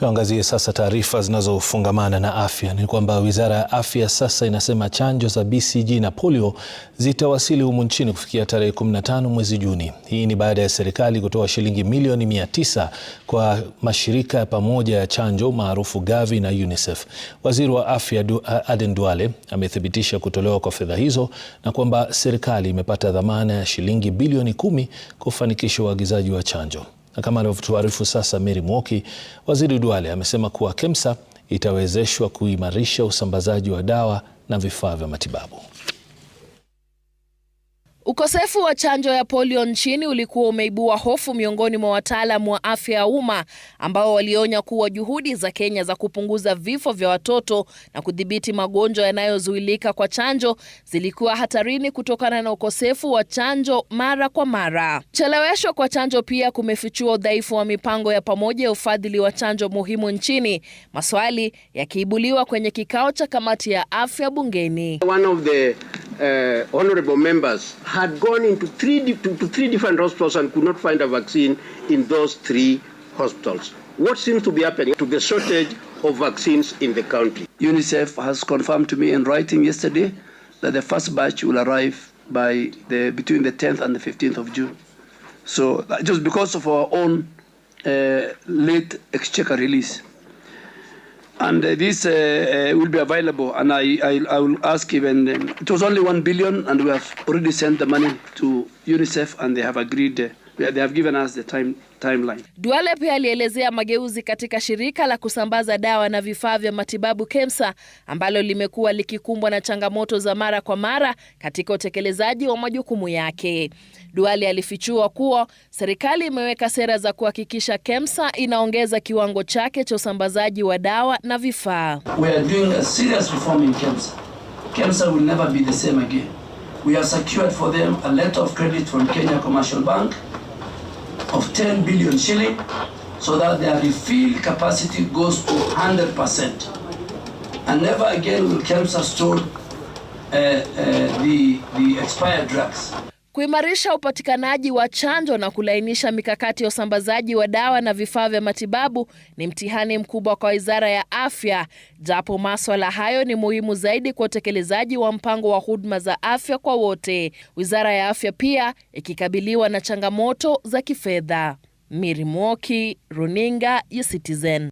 Tuangazie sasa taarifa zinazofungamana na afya. Ni kwamba wizara ya afya sasa inasema chanjo za BCG na polio zitawasili humu nchini kufikia tarehe 15 mwezi Juni. Hii ni baada ya serikali kutoa shilingi milioni 900 kwa mashirika ya pamoja ya chanjo maarufu Gavi na UNICEF. Waziri wa afya Aden Duale amethibitisha kutolewa kwa fedha hizo na kwamba serikali imepata dhamana ya shilingi bilioni 10 kufanikisha uagizaji wa chanjo. Na kama alivyotuarifu sasa Mary Mwoki, Waziri Duale amesema kuwa KEMSA itawezeshwa kuimarisha usambazaji wa dawa na vifaa vya matibabu. Ukosefu wa chanjo ya polio nchini ulikuwa umeibua hofu miongoni mwa wataalam wa afya ya umma ambao walionya kuwa juhudi za Kenya za kupunguza vifo vya watoto na kudhibiti magonjwa yanayozuilika kwa chanjo zilikuwa hatarini kutokana na ukosefu wa chanjo mara kwa mara. Cheleweshwa kwa chanjo pia kumefichua udhaifu wa mipango ya pamoja ya ufadhili wa chanjo muhimu nchini, maswali yakiibuliwa kwenye kikao cha kamati ya afya bungeni. One of the uh, honorable members had gone into three, to, to three different hospitals and could not find a vaccine in those three hospitals. What seems to be happening to the shortage of vaccines in the country? UNICEF has confirmed to me in writing yesterday that the first batch will arrive by the, between the 10th and the 15th of June. So just because of our own uh, late exchequer release, and uh, this uh, uh, will be available. And I, I, I will ask even, um, it was only one billion and we have already sent the money to UNICEF and they have agreed They have given us the time, timeline. Duale pia alielezea mageuzi katika shirika la kusambaza dawa na vifaa vya matibabu KEMSA ambalo limekuwa likikumbwa na changamoto za mara kwa mara katika utekelezaji wa majukumu yake. Duale alifichua kuwa serikali imeweka sera za kuhakikisha KEMSA inaongeza kiwango chake cha usambazaji wa dawa na vifaa. We have secured for them a letter of credit from Kenya Commercial Bank of 10 billion shilling so that their refill capacity goes to 100%. And never again will cancer store uh, uh, the, the expired drugs. kuimarisha upatikanaji wa chanjo na kulainisha mikakati ya usambazaji wa dawa na vifaa vya matibabu ni mtihani mkubwa kwa Wizara ya Afya, japo maswala hayo ni muhimu zaidi kwa utekelezaji wa mpango wa huduma za afya kwa wote, Wizara ya Afya pia ikikabiliwa na changamoto za kifedha. Miri Mwoki, Runinga ya Citizen.